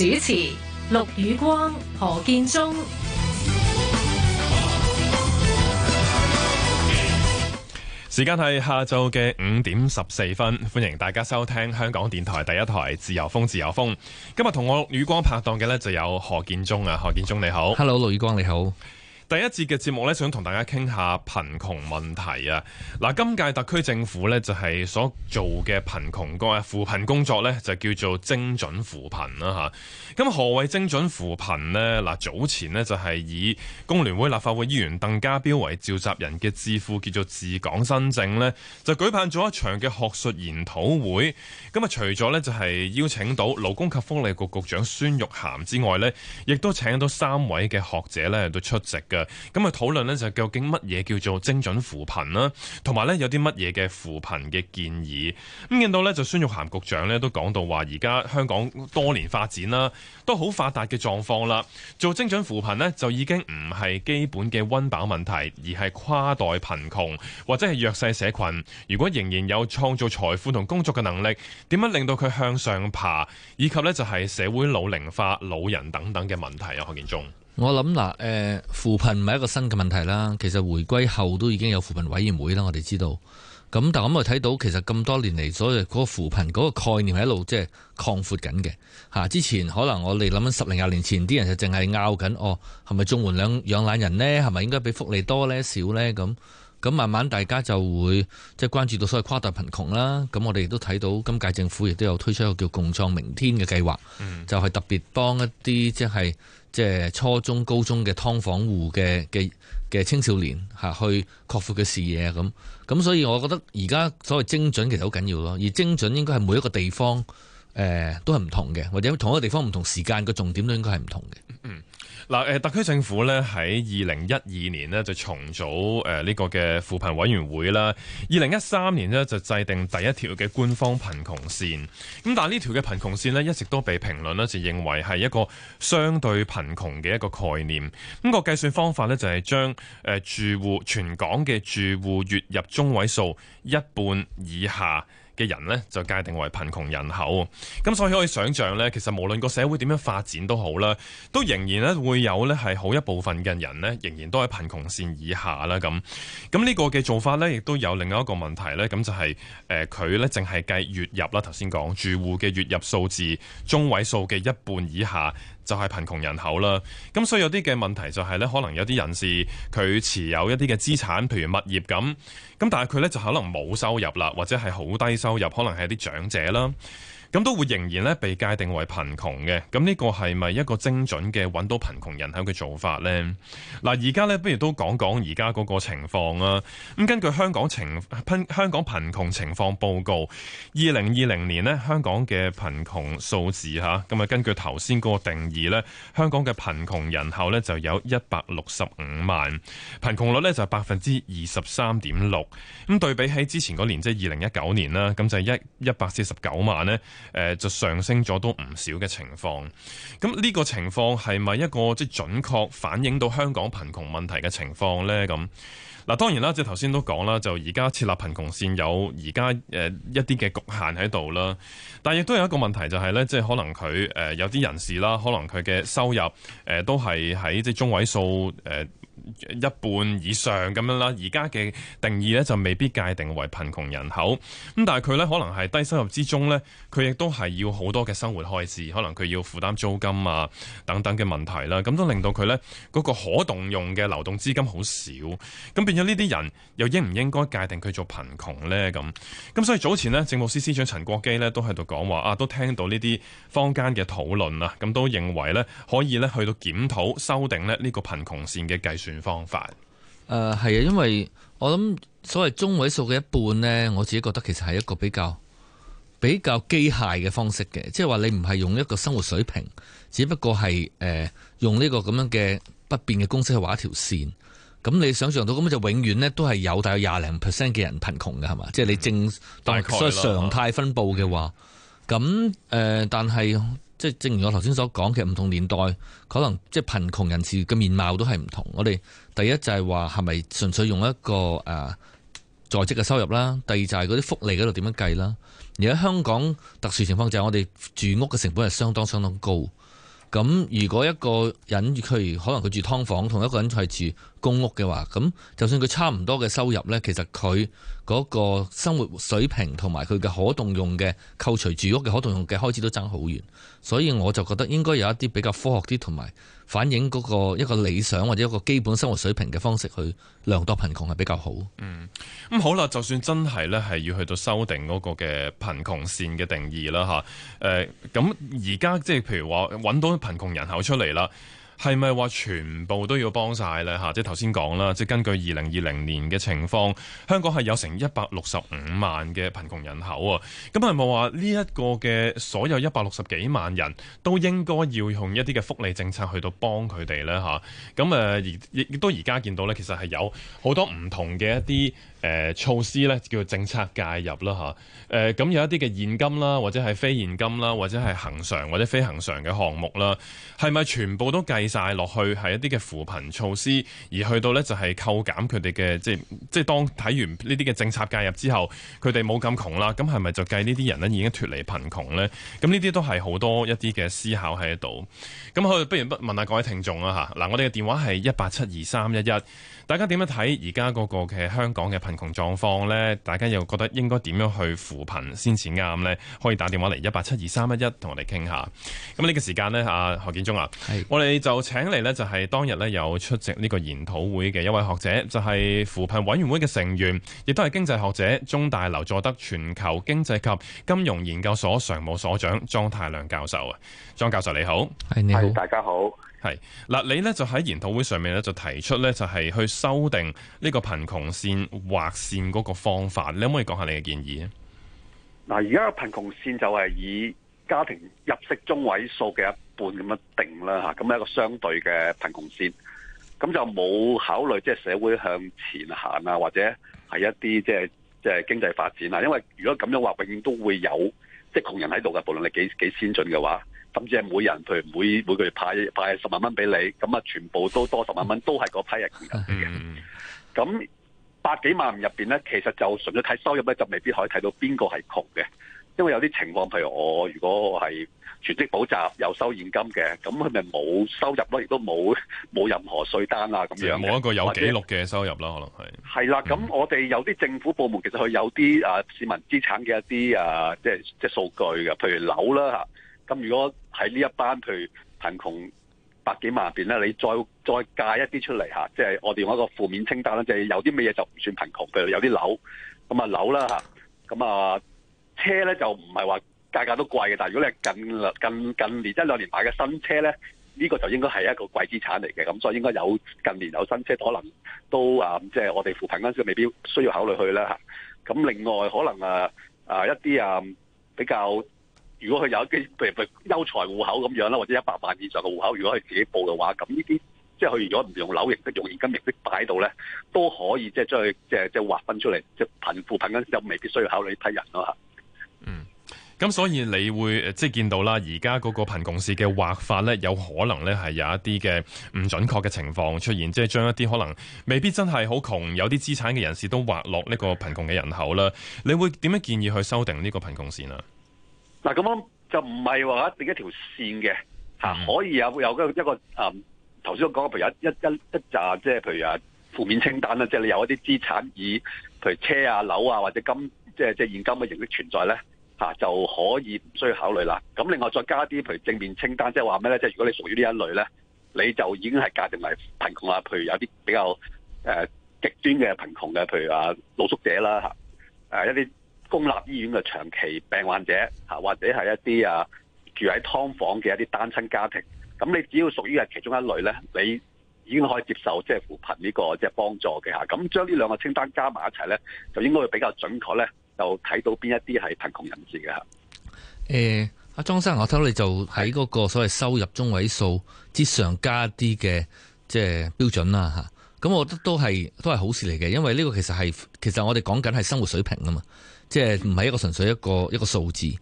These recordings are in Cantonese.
主持陸宇光、何建宗，時間係下晝嘅五點十四分，歡迎大家收聽香港電台第一台自由風。自由風，今日同我陸宇光拍檔嘅呢，就有何建宗啊，何建宗你好，Hello，陸宇光你好。Hello，第一節嘅節目咧，想同大家傾下貧窮問題啊。嗱，今屆特區政府咧就係所做嘅貧窮個啊扶貧工作咧，就叫做精準扶貧啦吓，咁何謂精準扶貧咧？嗱，早前咧就係以工聯會立法會議員鄧家彪為召集人嘅智庫，叫做治港新政咧，就舉辦咗一場嘅學術研討會，咁啊，除咗咧就係邀請到勞工及福利局局、局長孫玉菡之外咧，亦都請到三位嘅學者咧都出席嘅。咁啊，討論呢，就究竟乜嘢叫做精準扶貧啦，同埋呢有啲乜嘢嘅扶貧嘅建議？咁見到呢就孫玉菡局長呢都講到話，而家香港多年發展啦，都好發達嘅狀況啦。做精準扶貧呢，就已經唔係基本嘅温飽問題，而係跨代貧窮或者係弱勢社群。如果仍然有創造財富同工作嘅能力，點樣令到佢向上爬？以及呢，就係社會老齡化、老人等等嘅問題啊，何建忠。我諗嗱，誒，扶貧唔係一個新嘅問題啦。其實回歸後都已經有扶貧委員會啦。我哋知道，咁但咁我咪睇到，其實咁多年嚟，所謂嗰個扶貧嗰個概念喺度，即係擴闊緊嘅。吓，之前可能我哋諗緊十零廿年前啲人就淨係拗緊，哦，係咪綜援兩養懶人呢？係咪應該畀福利多呢？少呢？咁咁慢慢大家就會即係關注到所謂跨大貧窮啦。咁我哋亦都睇到，今屆政府亦都有推出一個叫共創明天嘅計劃，就係特別幫一啲即係。即係初中、高中嘅劏房戶嘅嘅嘅青少年嚇，去擴闊嘅視野咁咁，所以我覺得而家所謂精準其實好緊要咯，而精準應該係每一個地方誒都係唔同嘅，或者同一個地方唔同時間嘅重點都應該係唔同嘅。嗯。嗱，誒，特區政府咧喺二零一二年呢就重組誒呢個嘅扶貧委員會啦，二零一三年呢就制定第一條嘅官方貧窮線，咁但係呢條嘅貧窮線呢一直都被評論咧就認為係一個相對貧窮嘅一個概念，咁個計算方法呢就係將誒住戶全港嘅住戶月入中位數一半以下。嘅人呢，就界定為貧窮人口，咁所以可以想像呢，其實無論個社會點樣發展都好啦，都仍然咧會有呢係好一部分嘅人呢，仍然都喺貧窮線以下啦。咁咁呢個嘅做法呢，亦都有另外一個問題，就係呃、呢。咁就係誒佢呢，淨係計月入啦。頭先講住戶嘅月入數字中位數嘅一半以下。就係貧窮人口啦，咁所以有啲嘅問題就係呢：可能有啲人士佢持有一啲嘅資產，譬如物業咁，咁但係佢呢，就可能冇收入啦，或者係好低收入，可能係啲長者啦。咁都會仍然咧被界定為貧窮嘅。咁、這、呢個係咪一個精準嘅揾到貧窮人口嘅做法呢？嗱，而家呢，不如都講講而家嗰個情況啊。咁根據香港情香港貧窮情況報告，二零二零年呢，香港嘅貧窮數字嚇咁啊，根據頭先嗰個定義呢，香港嘅貧窮人口呢，就有一百六十五萬，貧窮率呢，就係百分之二十三點六。咁對比起之前嗰年，即係二零一九年啦，咁就係一一百四十九萬呢。誒、呃、就上升咗都唔少嘅情況，咁呢個情況係咪一個即係準確反映到香港貧窮問題嘅情況呢？咁嗱，當然啦，即係頭先都講啦，就而家設立貧窮線有而家、呃、一啲嘅局限喺度啦，但亦都有一個問題就係、是、呢，即係可能佢、呃、有啲人士啦，可能佢嘅收入、呃、都係喺即係中位數、呃一半以上咁樣啦，而家嘅定義呢，就未必界定為貧窮人口，咁但係佢呢，可能係低收入之中呢，佢亦都係要好多嘅生活開支，可能佢要負擔租金啊等等嘅問題啦，咁都令到佢呢，嗰個可動用嘅流動資金好少，咁變咗呢啲人又應唔應該界定佢做貧窮呢？咁咁所以早前呢，政務司司長陳國基呢，都喺度講話啊，都聽到呢啲坊間嘅討論啊，咁都認為呢，可以呢，去到檢討修訂呢，呢個貧窮線嘅計算。方法，誒係啊，因為我諗所謂中位數嘅一半呢，我自己覺得其實係一個比較比較機械嘅方式嘅，即係話你唔係用一個生活水平，只不過係誒、呃、用呢個咁樣嘅不變嘅公式去畫一條線，咁你想象到咁就永遠咧都係有大約廿零 percent 嘅人貧窮嘅係嘛？即係、就是、你正，嗯、大概啦，所以常態分佈嘅話，咁誒、嗯呃，但係。即係正如我頭先所講，其實唔同年代可能即係貧窮人士嘅面貌都係唔同。我哋第一就係話係咪純粹用一個、呃、在職嘅收入啦，第二就係嗰啲福利嗰度點樣計啦。而喺香港特殊情況就係我哋住屋嘅成本係相當相當高。咁如果一個人，譬如可能佢住劏房，同一個人係住公屋嘅話，咁就算佢差唔多嘅收入呢，其實佢嗰個生活水平同埋佢嘅可動用嘅扣除住屋嘅可動用嘅開支都爭好遠，所以我就覺得應該有一啲比較科學啲同埋，反映嗰個一個理想或者一個基本生活水平嘅方式去量度貧窮係比較好。嗯，咁好啦，就算真係咧係要去到修訂嗰個嘅貧窮線嘅定義啦吓，誒，咁而家即係譬如話揾到貧窮人口出嚟啦。係咪話全部都要幫晒呢吓？即係頭先講啦，即係根據二零二零年嘅情況，香港係有成一百六十五萬嘅貧窮人口喎。咁係咪話呢一個嘅所有一百六十幾萬人都應該要用一啲嘅福利政策去到幫佢哋呢吓？咁誒，亦亦都而家見到呢，其實係有好多唔同嘅一啲。誒、呃、措施咧叫做政策介入啦吓，咁、呃、有一啲嘅現金啦，或者係非現金啦，或者係恒常或者非恒常嘅項目啦，係咪全部都計晒落去係一啲嘅扶貧措施，而去到咧就係、是、扣減佢哋嘅即係即係當睇完呢啲嘅政策介入之後，佢哋冇咁窮啦，咁係咪就計呢啲人咧已經脫離貧窮咧？咁呢啲都係好多一啲嘅思考喺度。咁佢不如問下各位聽眾啊吓，嗱我哋嘅電話係一八七二三一一。大家點樣睇而家嗰個嘅香港嘅貧窮狀況呢？大家又覺得應該點樣去扶貧先至啱呢，可以打電話嚟一八七二三一一同我哋傾下。咁呢個時間呢，阿何建中啊，是我哋就請嚟呢，就係當日呢有出席呢個研討會嘅一位學者，就係、是、扶貧委員會嘅成員，亦都係經濟學者，中大劉佐德全球經濟及金融研究所常務所長莊太量教授啊。莊教授你好，係你好，大家好。係嗱，你咧就喺研討會上面咧就提出咧就係去修訂呢個貧窮線劃線嗰個方法，你可唔可以講下你嘅建議啊？嗱，而家貧窮線就係以家庭入息中位數嘅一半咁樣定啦嚇，咁一個相對嘅貧窮線，咁就冇考慮即係社會向前行啊，或者係一啲即係即係經濟發展啊。因為如果咁樣劃，永遠都會有即係窮人喺度嘅，無論你幾幾先進嘅話。甚至係每人，譬如每每個月派派十萬蚊俾你，咁啊，全部都多十萬蚊，都係嗰批人嘅。咁百幾萬入面咧，其實就純粹睇收入咧，就未必可以睇到邊個係窮嘅，因為有啲情況，譬如我如果我係全職補習，有收現金嘅，咁佢咪冇收入咯，亦都冇冇任何稅單啊咁樣。冇一個有記錄嘅收入啦，者可能係。係啦，咁我哋有啲政府部門其實佢有啲、啊、市民資產嘅一啲啊，即係即係數據嘅，譬如樓啦咁如果喺呢一班譬如貧窮百幾萬入邊咧，你再再加一啲出嚟吓，即係我哋用一個負面清單啦，即係有啲咩嘢就唔算貧窮嘅，譬如有啲樓咁啊樓啦吓咁啊車咧，就唔係話價格都貴嘅，但如果你係近近近年一兩年買嘅新車咧，呢、這個就應該係一個貴資產嚟嘅，咁所以應該有近年有新車，可能都啊即係我哋扶貧嗰陣時未必需要考慮去啦吓，咁另外可能啊啊一啲啊比較。如果佢有啲譬如譬如優才戶口咁樣啦，或者一百萬以上嘅戶口，如果佢自己報嘅話，咁呢啲即係佢如果唔用樓形式，用現金形式擺喺度咧，都可以即係將佢即係即係劃分出嚟，即係貧富貧緊就未必需要考慮呢批人咯吓。嗯，咁所以你會即係見到啦，而家嗰個貧窮線嘅劃法咧，有可能咧係有一啲嘅唔準確嘅情況出現，即係將一啲可能未必真係好窮，有啲資產嘅人士都劃落呢個貧窮嘅人口啦。你會點樣建議去修訂呢個貧窮線啊？嗱，咁樣就唔係話一定一條線嘅、嗯、可以有有一個啊頭先我講嘅，譬如一一一一扎即係譬如啊負面清單啦，即係你有一啲資產以譬如車啊樓啊或者金即係即係現金嘅形式存在咧嚇，就可以唔需要考慮啦。咁另外再加啲譬如正面清單，即係話咩咧？即係如果你屬於呢一類咧，你就已經係界定為貧窮啊。譬如有啲比較誒極端嘅貧窮嘅，譬如啊露宿者啦嚇，誒一啲。公立醫院嘅長期病患者嚇，或者係一啲啊住喺劏房嘅一啲單親家庭，咁你只要屬於係其中一類咧，你已經可以接受即係、就是、扶貧呢、這個即係、就是、幫助嘅嚇。咁將呢兩個清單加埋一齊咧，就應該會比較準確咧，就睇到邊一啲係貧窮人士嘅嚇。誒、呃，阿莊生，我睇到你就喺嗰個所謂收入中位數之上加啲嘅即係標準啦嚇。咁我覺得都係都係好事嚟嘅，因為呢個其實係其實我哋講緊係生活水平啊嘛。即係唔係一個純粹一個一個數字，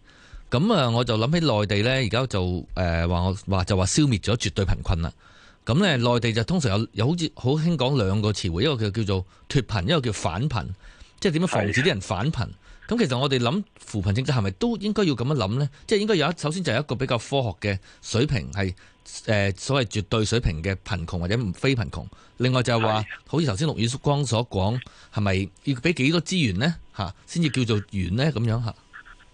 咁啊我就諗起內地呢，而家就誒話、呃、我就話消滅咗絕對貧困啦。咁呢內地就通常有有好似好興講兩個詞彙，一個叫做脫貧，一個叫反貧，即係點樣防止啲人反貧。咁的其實我哋諗扶貧政策係咪都應該要咁樣諗呢？即係應該有一首先就係一個比較科學嘅水平係。誒所謂絕對水平嘅貧窮或者唔非貧窮，另外就係話，是的好似頭先陸宇光所講，係咪要俾幾多資源咧嚇，先至叫做完咧咁樣嚇？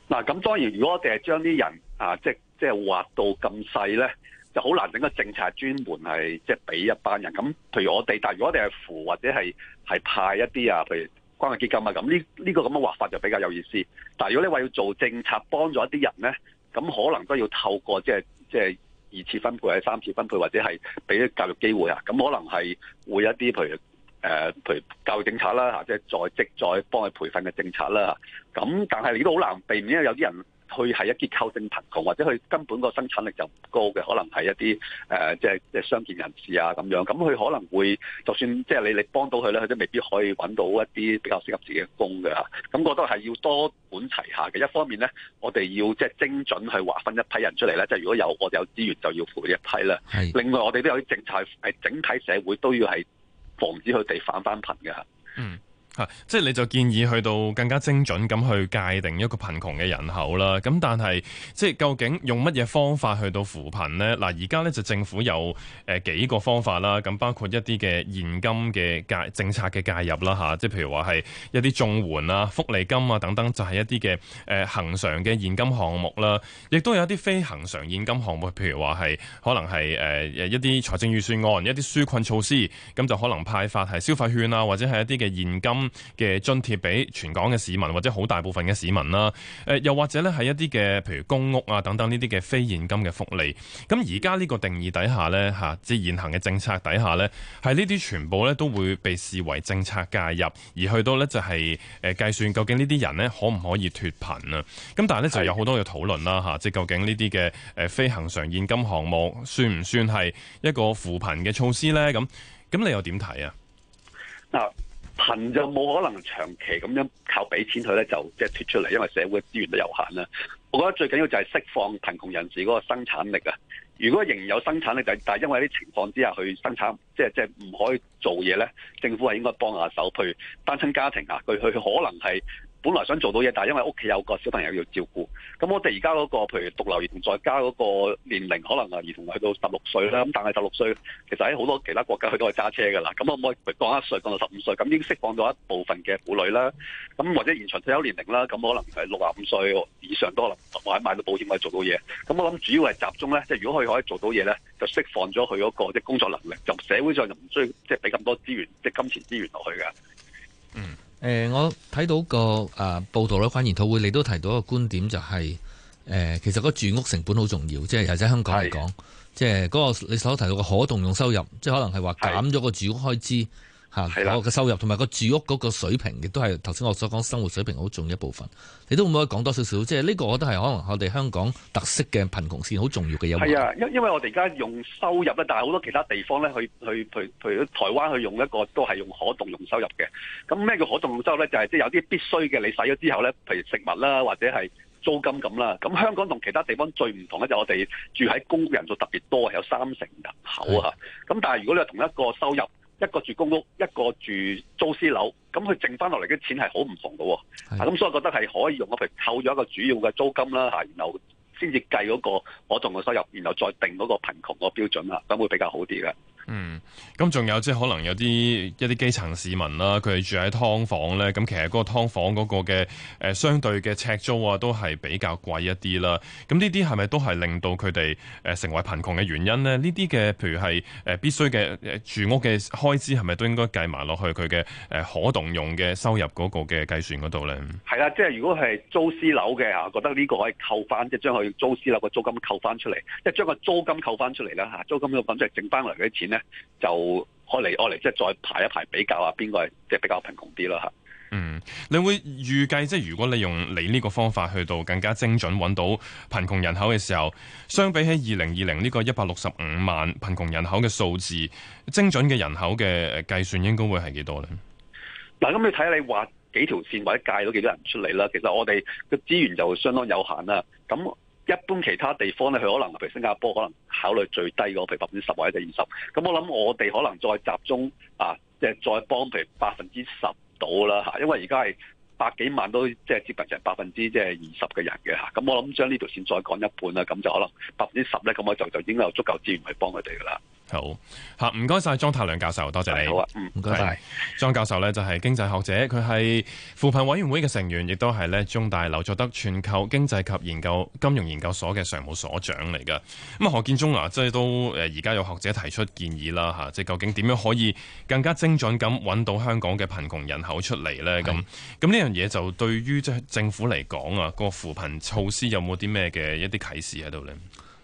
嗱，咁當然，如果我哋係將啲人啊，即即係劃到咁細咧，就好難整個政策專門係即係俾一班人。咁譬如我哋，但係如果我哋係扶或者係係派一啲啊，譬如關愛基金啊咁，呢呢個咁嘅劃法就比較有意思。但係如果你話要做政策幫咗一啲人咧，咁可能都要透過即係即係。二次分配啊，三次分配或者係俾啲教育機會啊，咁可能係會一啲，譬如誒、呃，譬如教育政策啦嚇，即係在職再幫佢培訓嘅政策啦。咁但係亦都好難避免，有啲人。佢係一結構性貧窮，或者佢根本個生產力就唔高嘅，可能係一啲誒、呃，即係即係傷健人士啊咁樣，咁佢可能會就算即係你你幫到佢咧，佢都未必可以揾到一啲比較適合自己嘅工嘅嚇。咁我覺得係要多管齊下嘅。一方面咧，我哋要即係精準去劃分一批人出嚟咧，即係如果有我哋有資源就要扶一批啦。是的 另外我哋都有啲政策係整體社會都要係防止佢哋反翻貧嘅嚇。嗯。吓，即係你就建議去到更加精準咁去界定一個貧窮嘅人口啦。咁但係即係究竟用乜嘢方法去到扶貧呢？嗱，而家呢就政府有誒幾個方法啦。咁包括一啲嘅現金嘅介政策嘅介入啦，吓，即係譬如話係一啲綜援啊、福利金啊等等，就係一啲嘅誒恆常嘅現金項目啦。亦都有一啲非恆常現金項目，譬如話係可能係誒一啲財政預算案、一啲紓困措施，咁就可能派發係消費券啊，或者係一啲嘅現金。嘅津貼俾全港嘅市民或者好大部分嘅市民啦，誒，又或者咧係一啲嘅，譬如公屋啊等等呢啲嘅非現金嘅福利。咁而家呢個定義底下呢，吓，即係現行嘅政策底下呢，係呢啲全部呢都會被視為政策介入，而去到呢，就係誒計算究竟呢啲人呢可唔可以脫貧啊？咁但係呢，就有好多嘅討論啦吓，的即究竟呢啲嘅誒非恆常現金項目算唔算係一個扶貧嘅措施呢？咁咁你又點睇啊？嗱。貧就冇可能長期咁樣靠俾錢佢咧，就即係脫出嚟，因為社會資源都有限啦。我覺得最緊要就係釋放貧窮人士嗰個生產力啊！如果仍然有生產力，但但係因為啲情況之下去生產，即係即係唔可以做嘢咧，政府係應該幫下手，譬如單親家庭啊，佢佢可能係，本來想做到嘢，但係因為屋企有個小朋友要照顧，咁我哋而家嗰個，譬如獨留兒童在家嗰個年齡，可能係兒童去到十六歲啦，咁但係十六歲其實喺好多其他國家佢都係揸車㗎啦，咁可唔可以降一歲降到十五歲？咁已經釋放咗一部分嘅婦女啦，咁或者延長退休年齡啦，咁可能係六十五歲以上都可能買買到保險可以做到嘢。咁我諗主要係集中咧，即如果佢可以做到嘢咧，就釋放咗佢嗰個即係工作能力，就社會上就唔需要即係俾咁多資源即係金錢資源落去嘅。嗯。誒、呃，我睇到個啊、呃、報道咧，扶貧討論會，你都提到一個觀點，就是，就係誒，其實個住屋成本好重要，即係又喺香港嚟講，是即係嗰個你所提到嘅可動用收入，即係可能係話減咗個住屋開支。是啦我嘅收入同埋個住屋嗰個水平，亦都係頭先我所講生活水平好重要一部分。你都可唔可以講多少少？即係呢個我都係可能我哋香港特色嘅貧窮線好重要嘅一。係啊，因因為我哋而家用收入咧，但係好多其他地方咧，去去，譬如譬如台灣去用一個都係用可動用收入嘅。咁咩叫可動用收入咧？就係即係有啲必須嘅你使咗之後咧，譬如食物啦，或者係租金咁啦。咁香港同其他地方最唔同咧，就我哋住喺公屋人數特別多，有三成人口啊。咁的但係如果你係同一個收入。一個住公屋，一個住租私樓，咁佢剩翻落嚟啲錢係好唔同嘅，啊，咁是的、啊、所以我覺得係可以用譬如扣咗一個主要嘅租金啦，吓、啊，然後先至計嗰個我同嘅收入，然後再定嗰個貧窮個標準啦，咁會比較好啲嘅。嗯，咁仲有即係可能有啲一啲基層市民啦，佢哋住喺劏房咧。咁其實嗰個劏房嗰個嘅誒相對嘅呎租啊，都係比較貴一啲啦。咁呢啲係咪都係令到佢哋誒成為貧窮嘅原因咧？呢啲嘅譬如係誒必須嘅誒住屋嘅開支，係咪都應該計埋落去佢嘅誒可動用嘅收入嗰個嘅計算嗰度咧？係啦，即係如果係租私樓嘅啊，覺得呢個可以扣翻，即係將佢租私樓嘅租金扣翻出嚟，即係將個租金扣翻出嚟啦吓，租金嘅品即係剩翻嚟嘅錢。就可嚟，可嚟即係再排一排，比較下邊個即係比較貧窮啲啦。吓。嗯，你會預計即係如果你用你呢個方法去到更加精準揾到貧窮人口嘅時候，相比起二零二零呢個一百六十五萬貧窮人口嘅數字，精準嘅人口嘅計算應該會係、嗯嗯、幾多咧？嗱，咁你睇下你畫幾條線或者界到幾多人出嚟啦。其實我哋嘅資源就相當有限啦。咁一般其他地方咧，佢可能譬如新加坡可能。考慮最低嗰譬如百分之十或者二十，咁我諗我哋可能再集中啊，即係再幫譬如百分之十度啦嚇，因為而家係百幾萬都即係接近成百分之即係二十嘅人嘅嚇，咁我諗將呢條線再講一半啦，咁就可能百分之十咧，咁我就就應該有足夠資源去幫佢哋啦。好吓，唔該晒莊太量教授，多謝，謝你。好啊，唔該晒莊教授呢，就係經濟學者，佢係扶貧委員會嘅成員，亦都係呢中大劉佐德全球經濟及研究金融研究所嘅常務所長嚟噶。咁何建宗啊，即係都誒，而家有學者提出建議啦吓，即究竟點樣可以更加精準咁揾到香港嘅貧窮人口出嚟呢？咁咁呢樣嘢就對於即係政府嚟講啊，個扶貧措施有冇啲咩嘅一啲啟示喺度呢？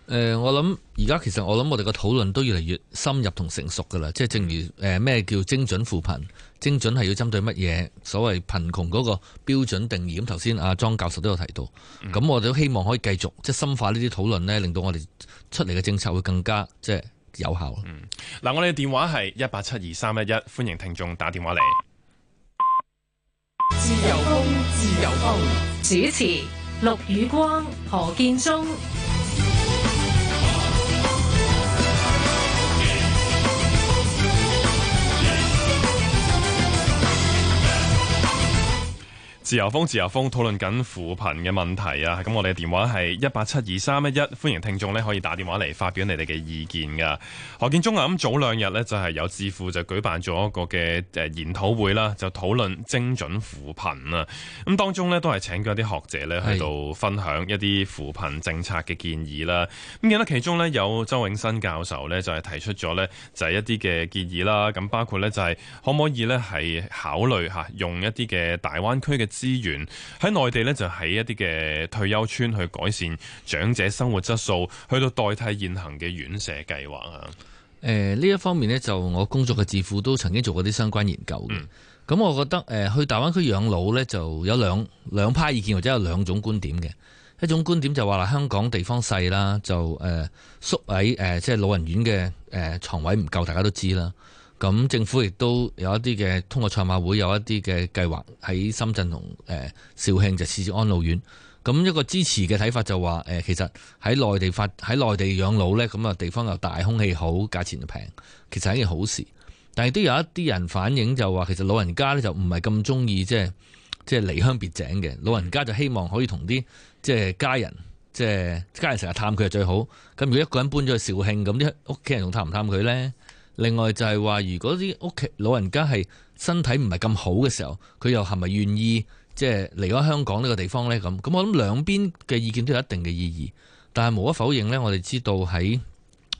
誒、呃，我諗而家其實我諗我哋個討論都越嚟越深入同成熟噶啦，即係正如誒咩、呃、叫精準扶貧，精準係要針對乜嘢？所謂貧窮嗰個標準定義，咁頭先阿莊教授都有提到。咁、嗯、我哋都希望可以繼續即係深化呢啲討論呢，令到我哋出嚟嘅政策會更加即係有效。嗱、嗯，我哋嘅電話係一八七二三一一，歡迎聽眾打電話嚟。自由風，自由風，主持陸宇光、何建中。自由風，自由風，討論緊扶貧嘅問題啊！咁我哋嘅電話係一八七二三一一，歡迎聽眾咧可以打電話嚟發表你哋嘅意見噶。何建忠啊，咁早兩日呢，就係有智庫就舉辦咗一個嘅誒研討會啦，就討論精準扶貧啊。咁當中呢，都係請咗啲學者呢喺度分享一啲扶貧政策嘅建議啦。咁見到其中呢，有周永新教授呢，就係提出咗呢，就係一啲嘅建議啦。咁包括呢，就係可唔可以呢，係考慮嚇用一啲嘅大灣區嘅。資源喺內地咧，就喺一啲嘅退休村去改善長者生活質素，去到代替現行嘅院舍計劃啊。誒呢、呃、一方面呢，就我工作嘅智庫都曾經做過啲相關研究嘅。咁、嗯、我覺得誒、呃、去大灣區養老呢，就有兩兩派意見或者有兩種觀點嘅。一種觀點就話啦，香港地方細啦，就誒、呃、宿位誒即係老人院嘅誒牀位唔夠，大家都知啦。咁政府亦都有一啲嘅，通過賽馬會有一啲嘅計劃喺深圳同誒肇慶就試試安老院。咁一個支持嘅睇法就話、呃、其實喺內地發喺內地養老呢，咁啊地方又大，空氣好，價錢又平，其實係一件好事。但係都有一啲人反映就話，其實老人家呢就唔係咁中意即係即係離鄉別井嘅。老人家就希望可以同啲即係家人，即係家人成日探佢係最好。咁如果一個人搬咗去肇慶，咁啲屋企人仲探唔探佢呢？另外就係話，如果啲屋企老人家係身體唔係咁好嘅時候，佢又係咪願意即係離開香港呢個地方呢？咁咁，我諗兩邊嘅意見都有一定嘅意義，但係無可否認呢，我哋知道喺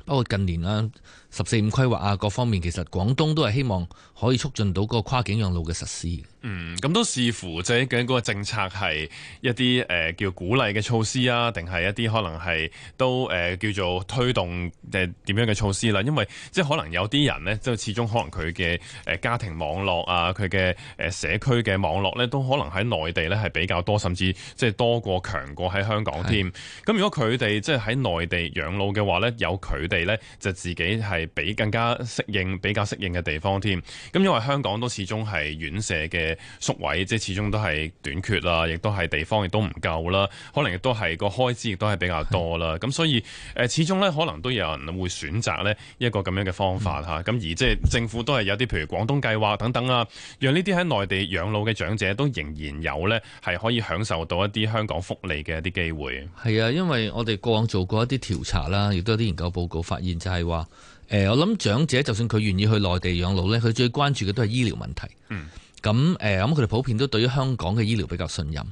包括近年啦。十四五規劃啊，各方面其實廣東都係希望可以促進到嗰個跨境養老嘅實施的嗯，咁都視乎即係究竟嗰個政策係一啲誒、呃、叫鼓勵嘅措施啊，定係一啲可能係都誒、呃、叫做推動誒點樣嘅措施啦。因為即係、就是、可能有啲人咧，即係始終可能佢嘅誒家庭網絡啊，佢嘅誒社區嘅網絡咧，都可能喺內地咧係比較多，甚至即係多過強過喺香港添。咁的如果佢哋即係喺內地養老嘅話咧，有佢哋咧就自己係。比更加適應比較適應嘅地方添，咁因為香港都始終係院舍嘅宿位，即係始終都係短缺啦，亦都係地方亦都唔夠啦，可能亦都係個開支亦都係比較多啦，咁是的 所以誒始終咧，可能都有人會選擇咧一個咁樣嘅方法吓，咁、嗯、而即係政府都係有啲譬如廣東計劃等等啊，讓呢啲喺內地養老嘅長者都仍然有咧係可以享受到一啲香港福利嘅一啲機會，係啊，因為我哋過往做過一啲調查啦，亦都有啲研究報告發現就係話。誒，我諗長者就算佢願意去內地養老呢，佢最關注嘅都係醫療問題。嗯。咁誒，咁佢哋普遍都對於香港嘅醫療比較信任。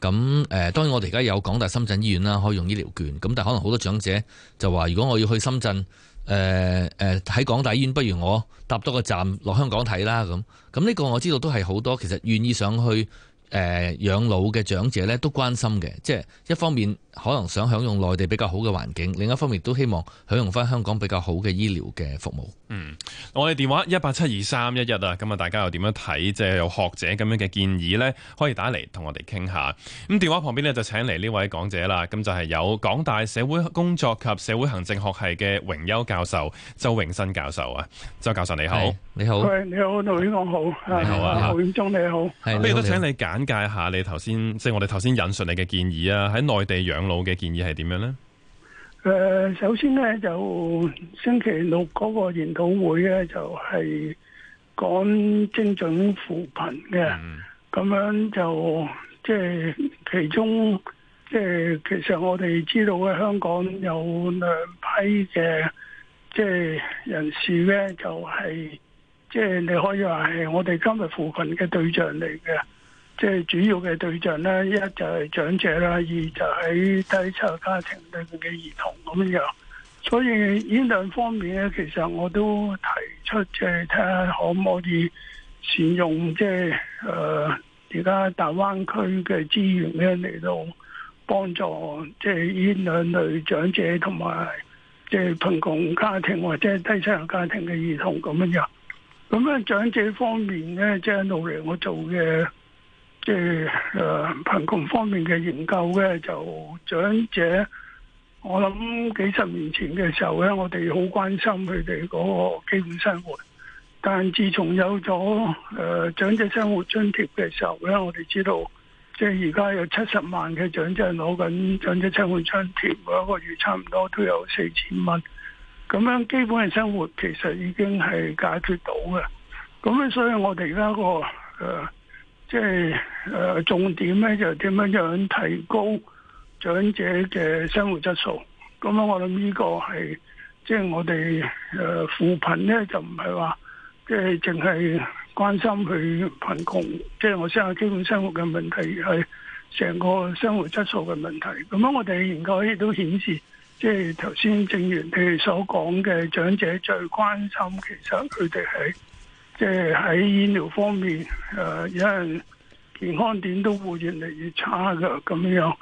咁誒，當然我哋而家有港大深圳醫院啦，可以用醫療券。咁但可能好多長者就話，如果我要去深圳，誒誒喺港大醫院，不如我搭多個站落香港睇啦。咁咁呢個我知道都係好多其實願意上去誒、呃、養老嘅長者呢都關心嘅，即係一方面。可能想享用內地比較好嘅環境，另一方面都希望享用翻香港比較好嘅醫療嘅服務。嗯，我哋電話一八七二三一一啊，咁啊，大家又點樣睇？即係有學者咁樣嘅建議呢？可以打嚟同我哋傾下。咁電話旁邊呢，就請嚟呢位講者啦。咁就係有港大社會工作及社會行政學系嘅榮休教授周永新教授啊。周教授你好，你好，你好，六永鐘好，你好啊，六點鐘你好。不如都請你簡介一下你頭先，即係我哋頭先引述你嘅建議啊。喺內地養老嘅建議係點樣咧？誒，首先咧就星期六嗰個研討會咧，就係講精準扶貧嘅，咁樣就即係其中，即係其實我哋知道嘅香港有兩批嘅即係人士咧，就係即係你可以話係我哋今日扶貧嘅對象嚟嘅。即係主要嘅對象咧，一就係長者啦，二就係低收入家庭裏面嘅兒童咁樣。所以呢兩方面咧，其實我都提出即係睇下可唔可以善用即係誒而家大灣區嘅資源咧嚟到幫助即係呢兩類長者同埋即係貧窮家庭或者低收入家庭嘅兒童咁樣。咁咧長者方面咧，即係努嚟我做嘅。即係誒，貧窮，就是啊，方面嘅研究呢，就長者，我諗幾十年前嘅時候咧，我哋好關心佢哋嗰個基本生活。但自從有咗誒、啊、長者生活津貼嘅時候咧，我哋知道即係而家有七十萬嘅長者攞緊長者生活津貼，每、那、一個月差唔多都有四千蚊。咁樣基本嘅生活其實已經係解決到嘅。咁樣，所以我哋而家個誒。啊即係誒，重點咧就點樣樣提高長者嘅生活質素。咁啊，我諗呢個係即係我哋誒扶貧咧，就唔係話即係淨係關心佢貧窮。即係我先下基本生活嘅問題，而係成個生活質素嘅問題。咁啊，我哋研究亦都顯示，即係頭先政員你哋所講嘅長者最關心，其實佢哋係。即係喺醫療方面，誒，有人健康點都會越嚟越差噶，咁樣。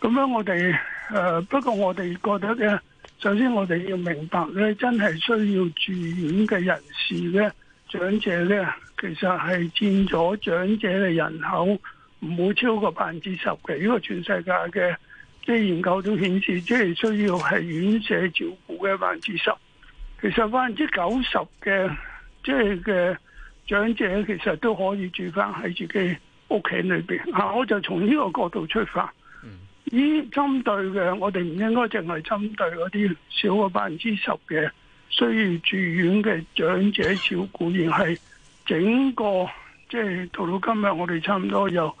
咁樣我哋誒，不過我哋覺得咧，首先我哋要明白咧，真係需要住院嘅人士咧，長者咧，其實係佔咗長者嘅人口唔會超過百分之十嘅。呢個全世界嘅即係研究都顯示，即係需要係院舍照顧嘅百分之十，其實百分之九十嘅。的即係嘅長者其實都可以住翻喺自己屋企裏邊，啊！我就從呢個角度出發，呢針對嘅我哋唔應該淨係針對嗰啲少過百分之十嘅需要住院嘅長者照顧，而係整個即係到到今日我哋差唔多有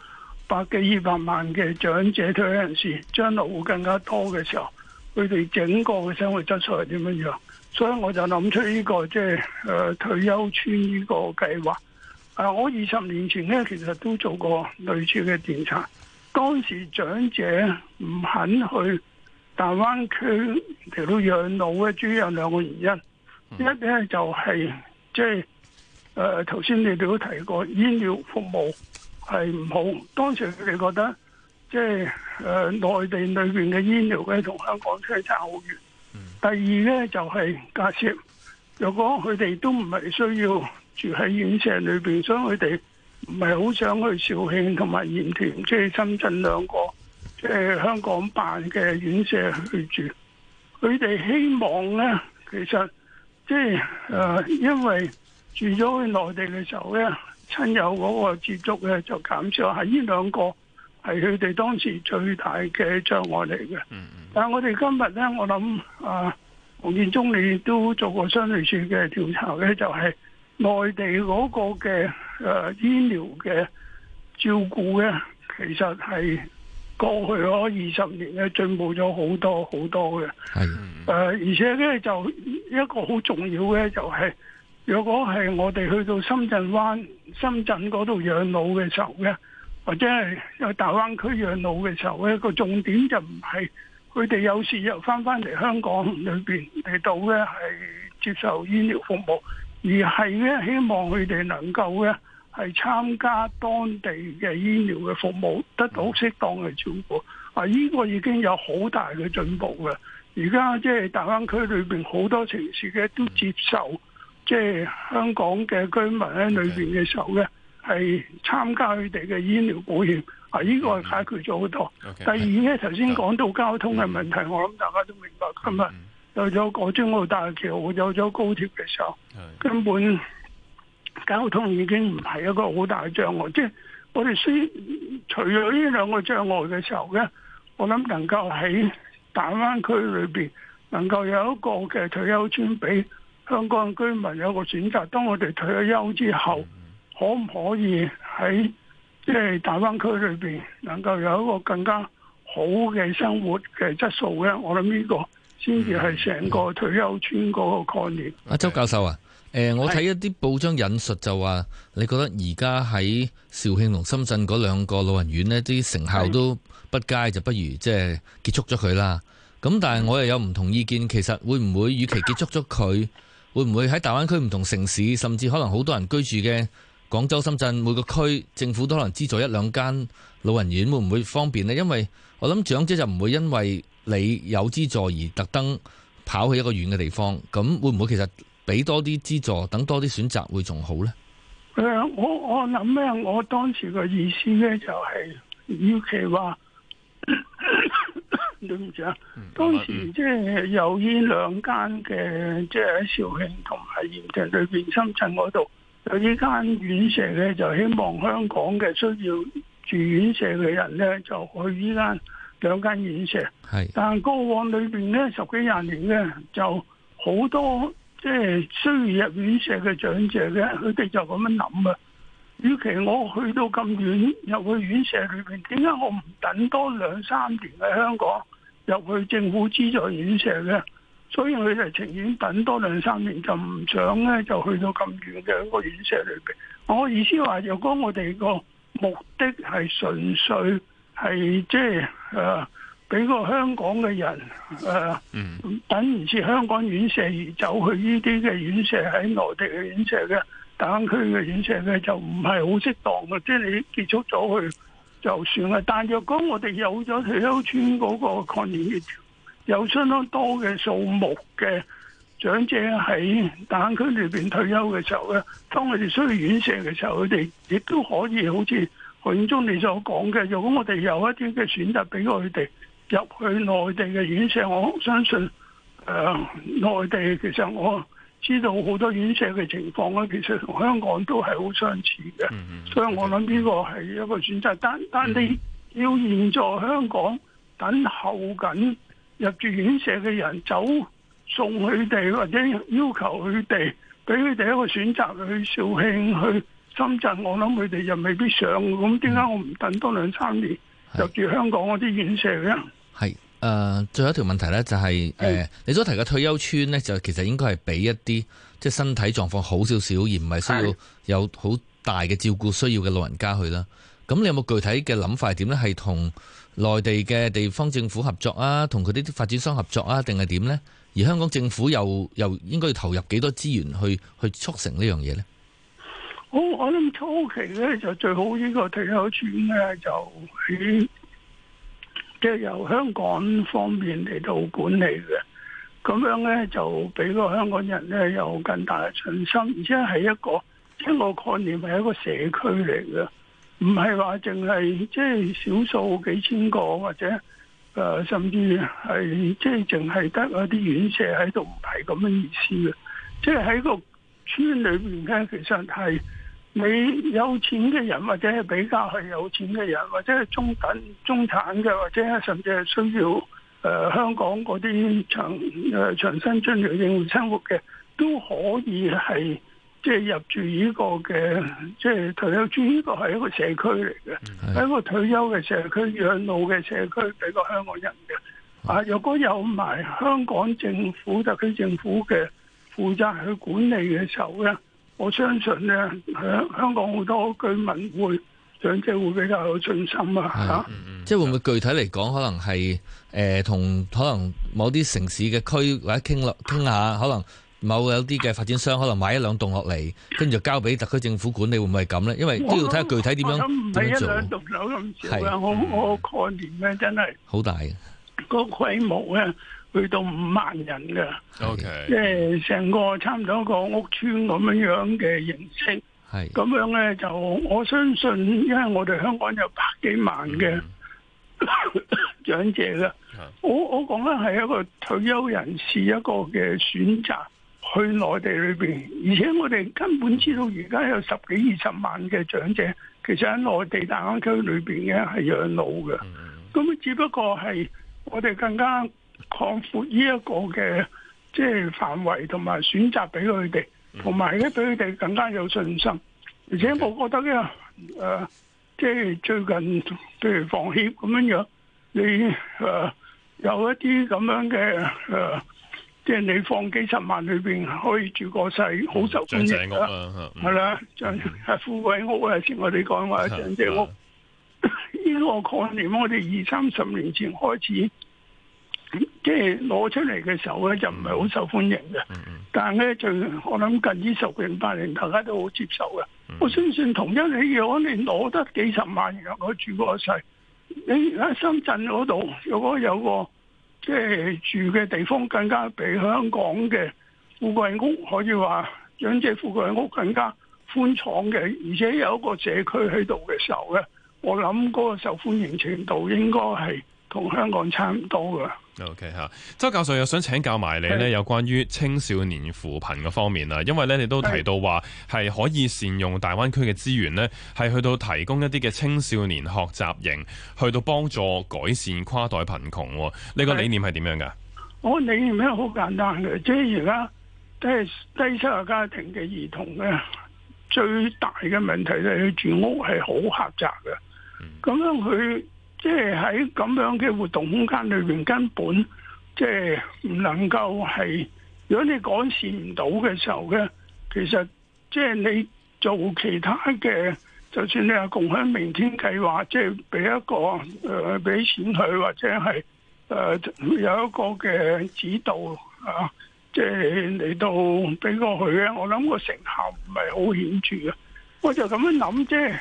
百幾二百萬嘅長者退休人士，將來會更加多嘅時候，佢哋整個嘅生活質素係點樣樣？所以我就諗出呢個即係誒退休村呢個計劃啊。我二十年前咧，其實都做過類似嘅調查。當時長者唔肯去大灣區嚟到養老嘅主要有兩個原因。Mm. 一點咧就係即係誒，頭先你哋都提過醫療服務係唔好。當時佢哋覺得即係誒內地裏邊嘅醫療嘅同香港相差好遠。第二呢，就係假設，如果佢哋都唔係需要住喺院舍裏邊，所以佢哋唔係好想去肇慶同埋鹽田，即係深圳兩個，即係香港辦嘅院舍去住。佢哋希望呢，其實即係誒因為住咗去內地嘅時候咧，親友嗰個接觸咧就減少喺呢兩個。係佢哋當時最大嘅障礙嚟嘅。嗯嗯，但係我哋今日呢，我諗啊，黃建中你都做過相對處嘅調查呢就係、是、內地嗰個嘅誒、啊、醫療嘅照顧呢，其實係過去嗰二十年咧進步咗好多好多嘅。係、嗯啊、而且呢，就一個好重要嘅就係、是，如果係我哋去到深圳灣、深圳嗰度養老嘅時候呢。或者係有大灣區養老嘅時候咧，個重點就唔係佢哋有時又翻翻嚟香港裏邊嚟到咧，係接受醫療服務，而係咧希望佢哋能夠咧係參加當地嘅醫療嘅服務，得到適當嘅照顧。啊，呢個已經有好大嘅進步嘅。而家即係大灣區裏邊好多城市嘅都接受即係香港嘅居民喺裏邊嘅時候咧。係參加佢哋嘅醫療保險，啊！呢個解決咗好多。Mm hmm. okay. 第二咧，頭先講到交通嘅問題，mm hmm. 我諗大家都明白咁啊。今日有咗港珠澳大橋，有咗高鐵嘅時候，mm hmm. 根本交通已經唔係一個好大嘅障礙。Mm hmm. 即係我哋先除咗呢兩個障礙嘅時候咧，我諗能夠喺大灣區裏邊能夠有一個嘅退休村，俾香港居民有個選擇。當我哋退咗休之後。Mm hmm. 可唔可以喺即係大灣區裏邊能夠有一個更加好嘅生活嘅質素咧？我諗呢個先至係成個退休村嗰個概念。阿、嗯嗯、周教授啊，誒、呃，我睇一啲報章引述就話，是你覺得而家喺肇慶同深圳嗰兩個老人院咧，啲成效都不佳，就不如即係結束咗佢啦。咁但係我又有唔同意見，其實會唔會與其結束咗佢，是會唔會喺大灣區唔同城市，甚至可能好多人居住嘅？廣州、深圳每個區政府都可能資助一兩間老人院，會唔會方便呢？因為我諗長者就唔會因為你有資助而特登跑去一個遠嘅地方，咁會唔會其實俾多啲資助，等多啲選擇會仲好呢？誒、呃，我我諗咧，我當時嘅意思咧就係、是，尤其話，對唔住啊，嗯、當時即係有呢兩間嘅，即係喺肇慶同埋鹽田裏面深圳嗰度。就呢間院舍咧，就希望香港嘅需要住院舍嘅人咧，就去依間兩間院舍。係是，但過往裏邊咧，十幾廿年咧，就好多即係、就是、需要入院舍嘅長者咧，佢哋就咁樣諗啊。與其我去到咁遠入去院舍裏邊，點解我唔等多兩三年喺香港入去政府資助院舍咧？所以佢就情願等多兩三年，就唔想咧就去到咁遠嘅一個院舍裏面。我意思話，若果我哋個目的係純粹係即係誒，俾、就是呃、個香港嘅人誒、呃，等唔切香港院舍而走去呢啲嘅院舍喺內地嘅院舍嘅大灣區嘅院舍咧，就唔係好適當嘅。即係你結束咗去就算啦。但若果我哋有咗退休村嗰個概念，有相當多嘅數目嘅長者喺大灣區裏邊退休嘅時候咧，當佢哋需要院舍嘅時候，佢哋亦都可以好似許建忠你所講嘅，如果我哋有一啲嘅選擇俾佢哋入去內地嘅院舍，我相信誒、呃、內地其實我知道好多院舍嘅情況咧，其實同香港都係好相似嘅，所以我諗呢個係一個選擇。但但你要現在香港等候緊入住院舍嘅人走送佢哋，或者要求佢哋俾佢哋一個選擇去肇慶去深圳。我諗佢哋又未必想。咁點解我唔等多兩三年入住香港嗰啲院舍咧？係誒、呃，最後一條問題咧，就係、是、誒是、呃，你所提嘅退休村咧，就其實應該係俾一啲即係身體狀況好少少，而唔係需要有好大嘅照顧需要嘅老人家去啦。咁你有冇具體嘅諗法係點咧？係同？內地嘅地方政府合作啊，同佢啲發展商合作啊，定係點呢？而香港政府又又應該要投入幾多資源去去促成呢樣嘢呢？好，我諗初期咧就最好這個呢個退休村咧就係即係由香港方面嚟到管理嘅，咁樣咧就俾個香港人咧有更大嘅信心，而且係一個一個，這個概念係一個社區嚟嘅。唔係話淨係即係少數幾千個，或者誒甚至係即係淨係得一啲院舍喺度，唔係咁嘅意思嘅。即係喺個村裏邊咧，其實係你有錢嘅人，或者係比較係有錢嘅人，或者係中等中產嘅，或者甚至係需要誒香港嗰啲長誒長生津嚟應付生活嘅，都可以係。即係入住呢個嘅，即係退休住呢個係一個社區嚟嘅，係一個退休嘅社區、養老嘅社區俾個香港人嘅。啊、嗯，如果有埋香港政府特區政府嘅負責去管理嘅時候咧，我相信咧，香香港好多居民會長者會比較有信心、嗯、啊。吓，即係會唔會具體嚟講，可能係誒同可能某啲城市嘅區或者傾落傾下，可能。某有啲嘅發展商可能買一兩棟落嚟，跟住交俾特區政府管理，會唔會係咁咧？因為都要睇下具體點樣點樣做。係一兩棟樓咁少是，我我概念咧真係好大嘅。是個規模咧去到五萬人嘅，即係成個差唔多一個屋村咁樣的是樣嘅形式。係咁樣咧，就我相信，因為我哋香港有百幾萬嘅長者啦是。我我講咧係一個退休人士一個嘅選擇，去內地裏面，而且我哋根本知道，而家有十幾二十萬嘅長者，其實喺內地大灣區裏面嘅係養老嘅。咁、mm hmm. 只不過係我哋更加擴闊呢一個嘅即係範圍同埋選擇俾佢哋，同埋咧俾佢哋更加有信心。而且我覺得呢誒即係最近譬如放協咁樣樣，你誒、呃、有一啲咁樣嘅誒。呃即係你放幾十萬裏邊可以住個世，好受歡迎啦，係啦，就係富貴屋啊，先、嗯、我哋講話即這屋呢個概念，我哋二三十年前開始即係攞出嚟嘅時候咧，就唔係好受歡迎嘅。嗯嗯、但係咧，就我諗近呢十年八年，大家都好接受嘅。嗯、我相信，信同一樣，如果你攞得幾十萬然後可住個世，你而家深圳嗰度如果有個？即係住嘅地方更加比香港嘅富貴屋可以話兩者富貴屋更加寬敞嘅，而且有一個社區喺度嘅時候咧，我諗個受歡迎程度應該係。同香港差唔多噶。O K 吓，周教授又想請教埋你咧，是有關於青少年扶貧嘅方面啊，因為咧，你都提到話，係是可以善用大灣區嘅資源咧，係去到提供一啲嘅青少年學習營，去到幫助改善跨代貧窮，呢個理念係點樣噶？我理念咧好簡單嘅，即係而家低低收入家庭嘅兒童咧，最大嘅問題就係佢住屋係好狹窄嘅，咁樣佢。即係喺咁樣嘅活動空間裏面，根本即係唔能夠係，如果你改善唔到嘅時候咧，其實即係你做其他嘅，就算你有共享明天計劃，即係俾一個誒俾、呃、錢佢，或者係誒、呃、有一個嘅指導啊，即係嚟到俾過去咧，我諗個成效唔係好顯著啊！我就咁樣諗啫，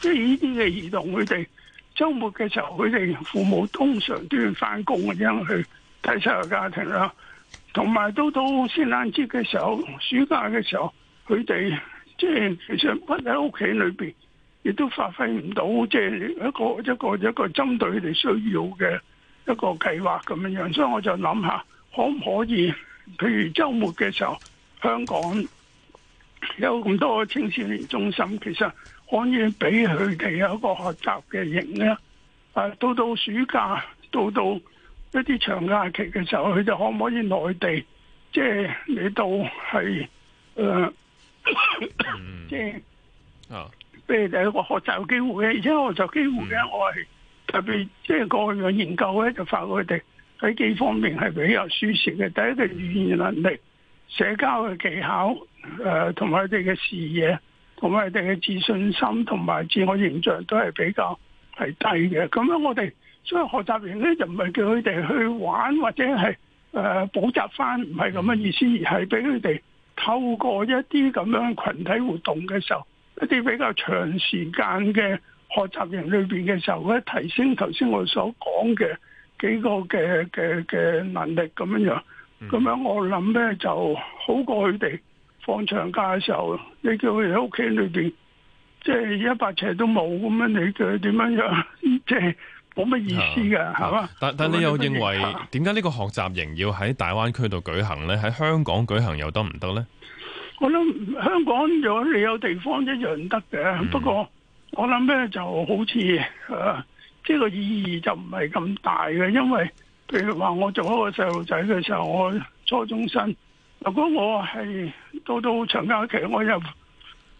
即係呢啲嘅兒童佢哋。就是周末嘅時候，佢哋父母通常都要翻工咁樣去睇晒個家庭啦，同埋到到聖誕節嘅時候、暑假嘅時候，佢哋即係其實屈喺屋企裏邊，亦都發揮唔到即係一個一個一個針對佢哋需要嘅一個計劃咁樣樣，所以我就諗下，可唔可以？譬如周末嘅時候，香港有咁多青少年中心，其實。可以俾佢哋有一個學習嘅型咧，誒、啊、到到暑假，到到一啲長假期嘅時候，佢就可唔可以內地即係、就是、你到係誒，即、呃、係、嗯、啊，俾佢哋一個學習機會。而且學習機會咧，我係、嗯、特別即係過去嘅研究咧，就發覺佢哋喺幾方面係比較舒適嘅，第一個語言能力、社交嘅技巧誒，同埋佢哋嘅視野。咁啊！我哋嘅自信心同埋自我形象都係比較係低嘅。咁樣我哋所以學習營咧就唔係叫佢哋去玩或者係誒、呃、補習翻，唔係咁嘅意思，而係俾佢哋透過一啲咁樣群體活動嘅時候，一啲比較長時間嘅學習營裏邊嘅時候，咧提升頭先我所講嘅幾個嘅嘅嘅能力咁樣樣。咁樣我諗咧就好過佢哋。放長假嘅時候，你叫佢喺屋企裏邊，即係一百尺都冇咁樣，你佢點樣樣，即係冇乜意思嘅，係嘛、啊？吧但但你，你又認為，點解呢個學習營要喺大灣區度舉行咧？喺香港舉行又得唔得咧？我諗香港如果你有地方一樣得嘅。的嗯、不過我諗咧就好似啊，即、這、係個意義就唔係咁大嘅，因為譬如話我做一個細路仔嘅時候，我初中生。如果我係到到長假期，我又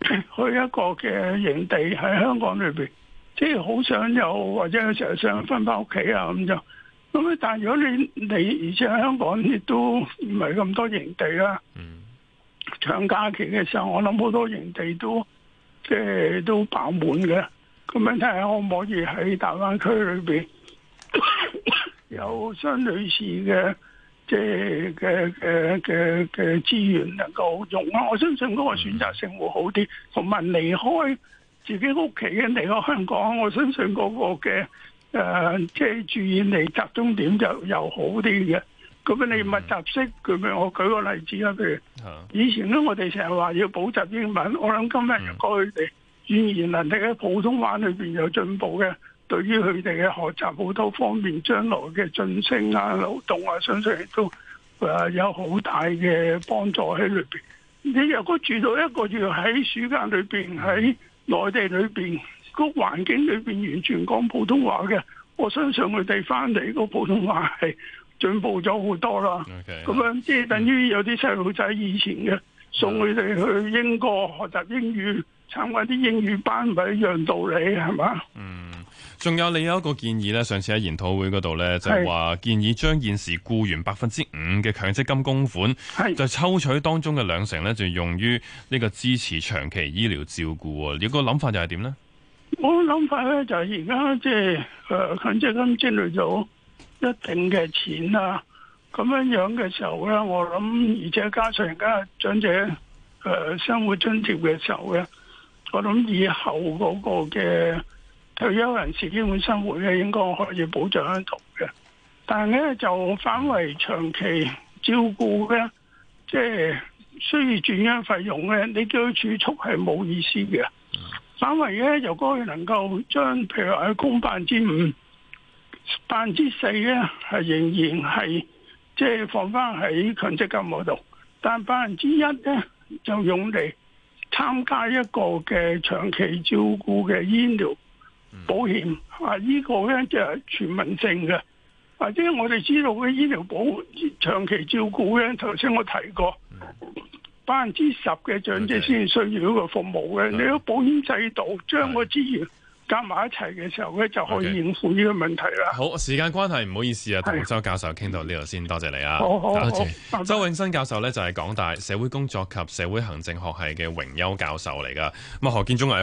去一個嘅營地喺香港裏邊，即係好想有或者有時想分翻屋企啊，咁就咁。但係如果你，你而且香港亦都唔係咁多營地啦，嗯、長假期嘅時候我諗好多營地都即係都爆滿嘅，咁樣睇下可唔可以喺大灣區裏邊有 相類似嘅。嘅嘅嘅嘅資源能夠用啊！我相信嗰個選擇性會好啲，同埋離開自己屋企嘅嚟到香港，我相信嗰個嘅誒即係注意力集中點就又好啲嘅。咁你密集式，咁樣我舉個例子啦，譬如以前咧，我哋成日話要補習英文，我諗今日如果佢哋語言能力喺普通話裏邊有進步嘅。對於佢哋嘅學習好多方面，將來嘅晉升啊、勞動啊，相信亦都誒有好大嘅幫助喺裏邊。你若果住到一個月喺暑假裏邊喺內地裏邊、個環境裏邊完全講普通話嘅，我相信佢哋翻嚟個普通話係進步咗好多啦。咁 Okay. 樣即係等於有啲細路仔以前嘅送佢哋去英國學習英語，參加啲英語班，唔係一樣道理係嘛？是吧？嗯。仲有你有一個建議咧，上次喺研討會嗰度咧，就係話、是、建議將現時僱員百分之五嘅強積金供款，是就抽取當中嘅兩成咧，就用於呢個支持長期醫療照顧。你，這個諗法又係點咧？我諗法咧就係而家即係誒強積金積累咗一定嘅錢啦、啊，咁樣樣嘅時候咧、啊，我諗而且加上而家長者誒生活津貼嘅時候咧、啊，我諗以後嗰個嘅。退休人士基本生活咧，應該可以保障得到嘅。但係咧就反為長期照顧咧，即係需要轉讓費用咧，你叫佢儲蓄係冇意思嘅。反為咧就該能夠將，譬如係供百分之五、百分之四咧，係仍然係即係放翻喺強積金嗰度。但百分之一咧就用嚟參加一個嘅長期照顧嘅醫療。嗯、保險啊，這個、呢個咧就係、是、全民性嘅。啊，即、就、係、是、我哋知道嘅醫療保長期照顧咧，頭先我提過，嗯、百分之十嘅長者先 okay, 需要呢個服務嘅。Okay, 你喺保險制度將個資源加埋一齊嘅時候咧，okay, 就可以應付呢個問題啦。好，時間關係唔好意思啊，同周教授傾到呢度先，多謝你啊。好好謝好，好好周永新教授咧就係港大社會工作及社會行政學系嘅榮休教授嚟噶。咁啊，何建忠係。